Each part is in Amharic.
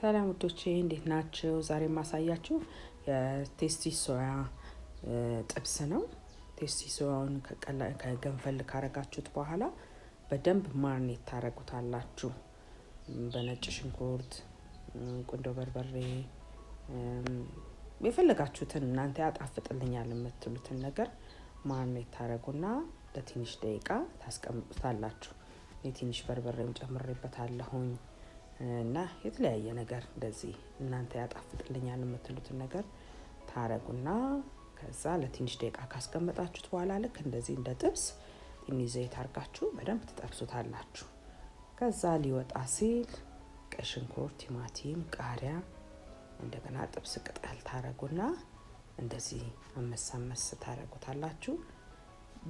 ሰላም ውዶቼ እንዴት ናቸው? ዛሬ የማሳያችሁ የቴስቲ ሶያ ጥብስ ነው። ቴስቲ ሶያውን ከገንፈል ካረጋችሁት በኋላ በደንብ ማርኔት ታረጉታላችሁ። በነጭ ሽንኩርት፣ ቁንዶ በርበሬ፣ የፈለጋችሁትን እናንተ ያጣፍጥልኛል የምትሉትን ነገር ማርኔት ታረጉና ለትንሽ ደቂቃ ታስቀምጡታላችሁ። የትንሽ በርበሬም ጨምሬበታለሁኝ እና የተለያየ ነገር እንደዚህ እናንተ ያጣፍጥልኛል የምትሉትን ነገር ታረጉና ከዛ ለትንሽ ደቂቃ ካስቀመጣችሁት በኋላ ልክ እንደዚህ እንደ ጥብስ ትንሽ ዘይት አርጋችሁ በደንብ ትጠብሱታላችሁ። ከዛ ሊወጣ ሲል ቀይ ሽንኩርት፣ ቲማቲም፣ ቃሪያ እንደገና ጥብስ ቅጠል ታረጉና እንደዚህ አመሳመስ ታረጉታላችሁ።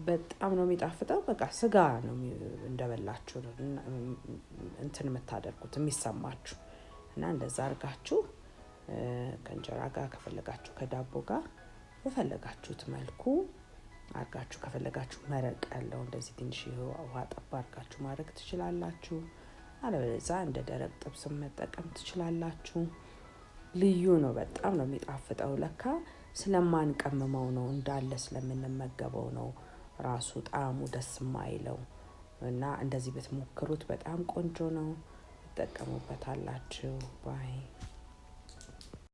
በጣም ነው የሚጣፍጠው። በቃ ስጋ ነው እንደበላችሁ እንትን የምታደርጉት የሚሰማችሁ እና እንደዛ አርጋችሁ ከእንጀራ ጋር ከፈለጋችሁ ከዳቦ ጋር በፈለጋችሁት መልኩ አርጋችሁ ከፈለጋችሁ መረቅ ያለው እንደዚህ ትንሽ ውሃ ጠብ አርጋችሁ ማድረግ ትችላላችሁ። አለበለዛ እንደ ደረቅ ጥብስ መጠቀም ትችላላችሁ። ልዩ ነው። በጣም ነው የሚጣፍጠው። ለካ ስለማንቀምመው ነው እንዳለ ስለምንመገበው ነው ራሱ ጣዕሙ ደስ የማይለው። እና እንደዚህ ብትሞክሩት በጣም ቆንጆ ነው። ትጠቀሙበታላችሁ ባይ